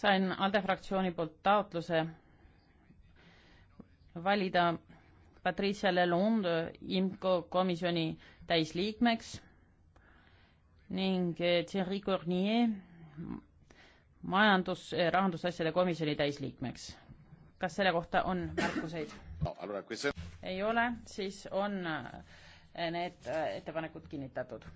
sain ALDE fraktsiooni poolt taotluse valida Patricia Lelonde IMCO komisjoni täisliikmeks ning eh, Thierry Cornier majandus- ja eh, rahandusasjade komisjoni täisliikmeks. kas selle kohta on märkuseid no,? ei ole, siis on eh, need ettepanekud kinnitatud